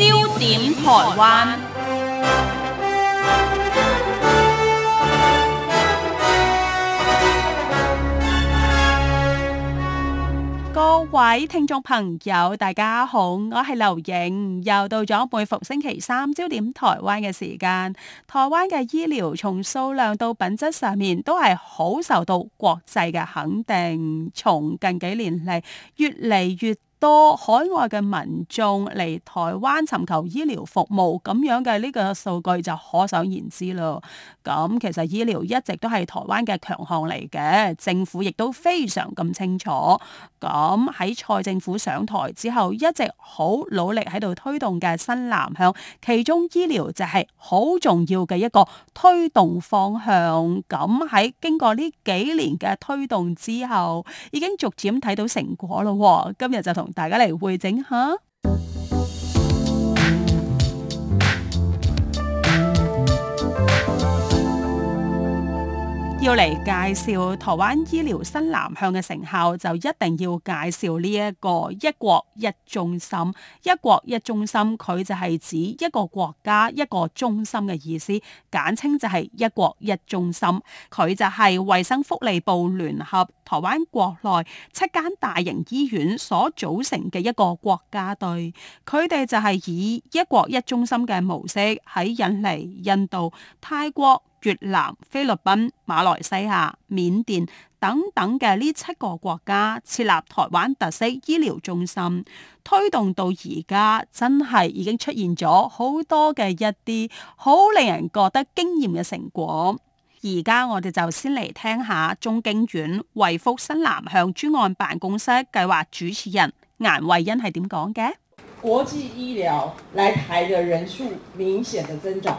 焦點台灣，各位聽眾朋友，大家好，我係劉瑩，又到咗每逢星期三焦點台灣嘅時間。台灣嘅醫療從數量到品質上面都係好受到國際嘅肯定，從近幾年嚟越嚟越。多海外嘅民眾嚟台灣尋求醫療服務，咁樣嘅呢個數據就可想而知咯。咁，嗯，其實醫療一直都係台灣嘅強項嚟嘅，政府亦都非常咁清楚。咁，嗯，喺蔡政府上台之後，一直好努力喺度推動嘅新南向，其中醫療就係好重要嘅一個推動方向。咁，嗯，喺經過呢幾年嘅推動之後，已經逐漸睇到成果咯，哦。今日就同大家嚟匯整下。要嚟介紹台灣醫療新南向嘅成效，就一定要介紹呢、這、一個一國一中心。一國一中心，佢就係指一個國家一個中心嘅意思，簡稱就係一國一中心。佢就係衛生福利部聯合台灣國內七間大型醫院所組成嘅一個國家隊。佢哋就係以一國一中心嘅模式喺印尼、印度、泰國、越南、菲律賓、馬來西亞、緬甸等等嘅呢七個國家設立台灣特色醫療中心，推動到而家真係已經出現咗好多嘅一啲好令人覺得驚豔嘅成果。而家我哋就先嚟聽，聽下中經院衛福新南向專案辦公室計劃主持人顏慧欣係點講嘅？國際醫療來台嘅人數明顯嘅增長。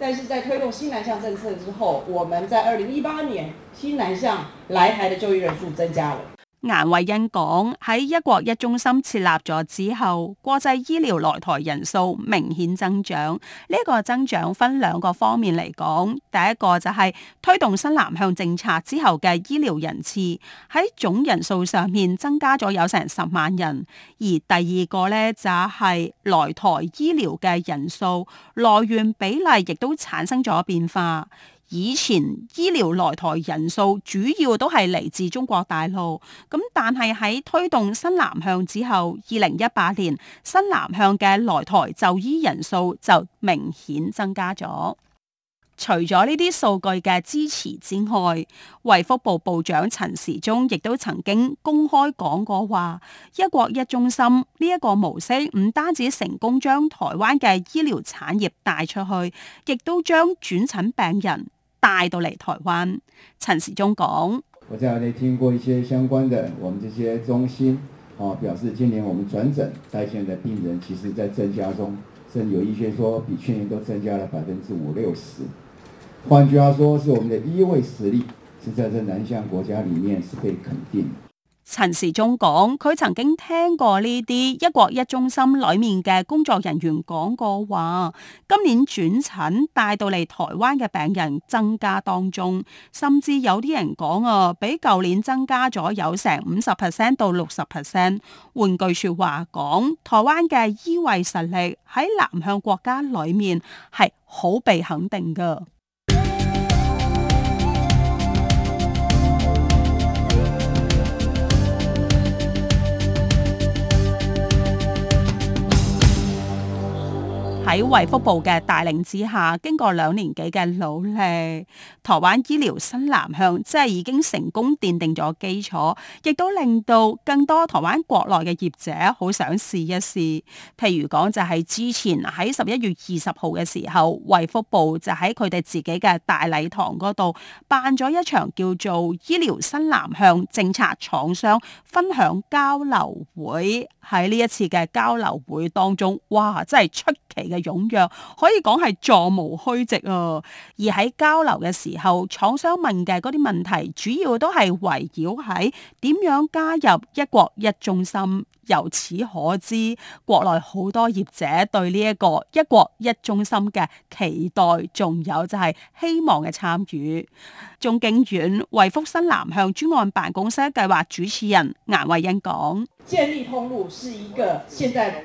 但是在推動新南向政策之後，我們在二零一八年新南向來台的就醫人數增加了。顏慧欣講喺一國一中心設立咗之後，國際醫療來台人數明顯增長。呢、這個增長分兩個方面嚟講，第一個就係推動新南向政策之後嘅醫療人次喺總人數上面增加咗有成十萬人，而第二個咧就係、是、來台醫療嘅人數來源比例亦都產生咗變化。以前醫療來台人數主要都係嚟自中國大陸，咁但係喺推動新南向之後，二零一八年新南向嘅來台就醫人數就明顯增加咗。除咗呢啲數據嘅支持之外，衛福部部長陳時中亦都曾經公開講過話，一國一中心呢一個模式唔單止成功將台灣嘅醫療產業帶出去，亦都將轉診病人帶到嚟台灣，陳時中講：我最近聽過一些相關的，我們這些中心，哦、啊、表示今年我們轉診在線的病人其實在增加中，甚至有一些說比去年都增加了百分之五六十。換句話說，是我們的醫衛實力是在這南向國家裡面是被肯定的。陳時中講，佢曾經聽過呢啲一國一中心裏面嘅工作人員講過話，今年轉診帶到嚟台灣嘅病人增加當中，甚至有啲人講啊，比舊年增加咗有成五十 percent 到六十 percent。換句說話講，台灣嘅醫衛實力喺南向國家裏面係好被肯定噶。喺衛福部嘅帶領之下，經過兩年幾嘅努力，台灣醫療新南向即係已經成功奠定咗基礎，亦都令到更多台灣國內嘅業者好想試一試。譬如講就係之前喺十一月二十號嘅時候，衛福部就喺佢哋自己嘅大禮堂度辦咗一場叫做“醫療新南向政策廠商分享交流會”。喺呢一次嘅交流會當中，哇，真係出奇嘅！踴躍，可以講係座無虛席啊！而喺交流嘅時候，廠商問嘅嗰啲問題，主要都係圍繞喺點樣加入一國一中心。由此可知，國內好多業者對呢一個一國一中心嘅期待，仲有就係希望嘅參與。中經院衛福新南向專案辦公室計劃主持人顏慧欣講，建立通路是一個現在。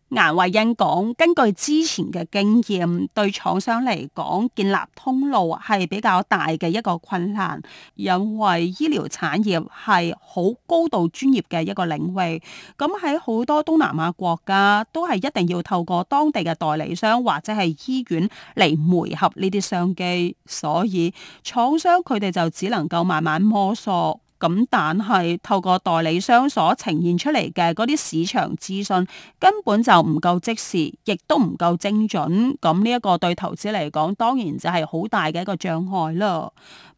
顏慧欣講：根據之前嘅經驗，對廠商嚟講，建立通路係比較大嘅一個困難，因為醫療產業係好高度專業嘅一個領域。咁喺好多東南亞國家，都係一定要透過當地嘅代理商或者係醫院嚟媒合呢啲商機，所以廠商佢哋就只能夠慢慢摸索。咁但係透過代理商所呈現出嚟嘅嗰啲市場資訊，根本就唔夠即時，亦都唔夠精準。咁呢一個對投資嚟講，當然就係好大嘅一個障礙啦。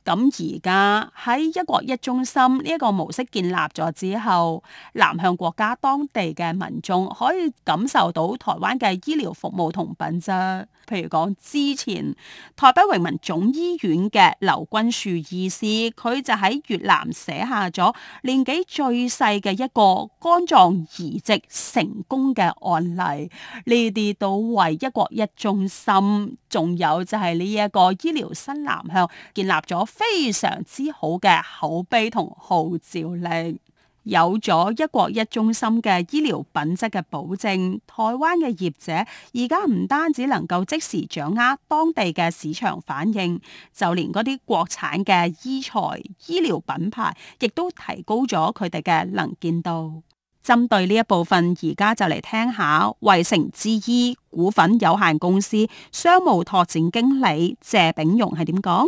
咁而家喺一國一中心呢一個模式建立咗之後，南向國家當地嘅民眾可以感受到台灣嘅醫療服務同品質。譬如講，之前台北榮民總醫院嘅劉君樹醫師，佢就喺越南寫下咗年紀最細嘅一個肝臟移植成功嘅案例。呢啲都為一國一中心，仲有就係呢一個醫療新南向建立咗非常之好嘅口碑同號召力，有咗一國一中心嘅醫療品質嘅保證，台灣嘅業者而家唔單止能夠即時掌握當地嘅市場反應，就連嗰啲國產嘅醫材、醫療品牌，亦都提高咗佢哋嘅能見度。針對呢一部分，而家就嚟聽下衛城之醫股份有限公司商務拓展經理謝炳榮係點講。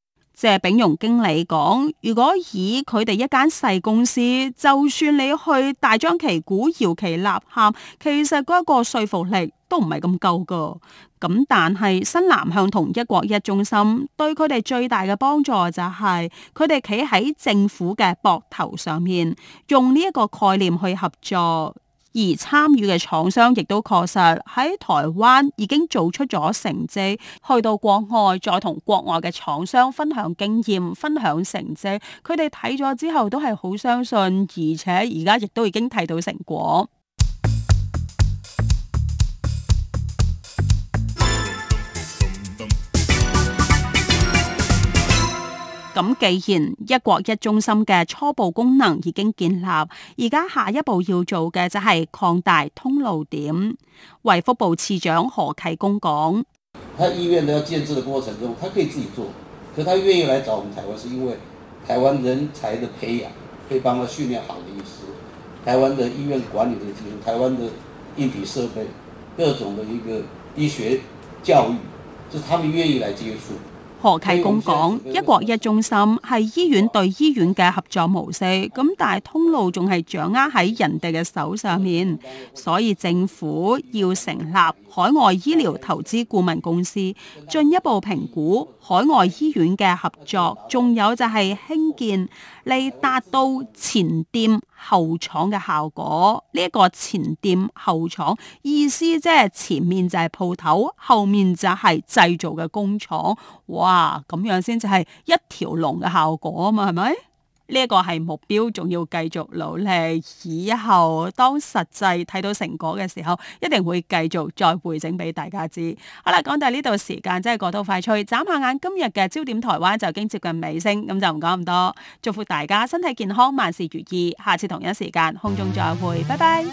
即係謝炳融經理講，如果以佢哋一間細公司，就算你去大張旗鼓、搖旗吶喊，其實嗰一個說服力都唔係咁夠㗎。咁但係新南向同一國一中心，對佢哋最大嘅幫助就係佢哋企喺政府嘅膊頭上面，用呢一個概念去合作。而參與嘅廠商亦都確實喺台灣已經做出咗成績，去到國外再同國外嘅廠商分享經驗、分享成績，佢哋睇咗之後都係好相信，而且而家亦都已經睇到成果。咁既然一國一中心嘅初步功能已經建立，而家下一步要做嘅就係擴大通路點。衛福部次長何啟功講：他醫院都要建制的過程中，他可以自己做，可他願意來找我們台灣，是因為台灣人才的培養，可以幫他訓練好的醫師，台灣的醫院管理的技術，台灣的硬體設備，各種的一個醫學教育，就是、他們願意來接觸。何啟功講：一國一中心係醫院對醫院嘅合作模式，咁但係通路仲係掌握喺人哋嘅手上面，所以政府要成立海外醫療投資顧問公司，進一步評估海外醫院嘅合作，仲有就係興建。你達到前店後廠嘅效果，呢、這、一個前店後廠意思即係前面就係鋪頭，後面就係製造嘅工廠。哇，咁樣先就係一條龍嘅效果啊嘛，係咪？呢個係目標，仲要繼續努力。以後當實際睇到成果嘅時候，一定會繼續再回整俾大家知。好啦，講到呢度時間真係過到快脆。眨下眼今日嘅焦點台灣就已經接近尾聲，咁就唔講咁多。祝福大家身體健康，萬事如意。下次同一時間空中再會，拜拜。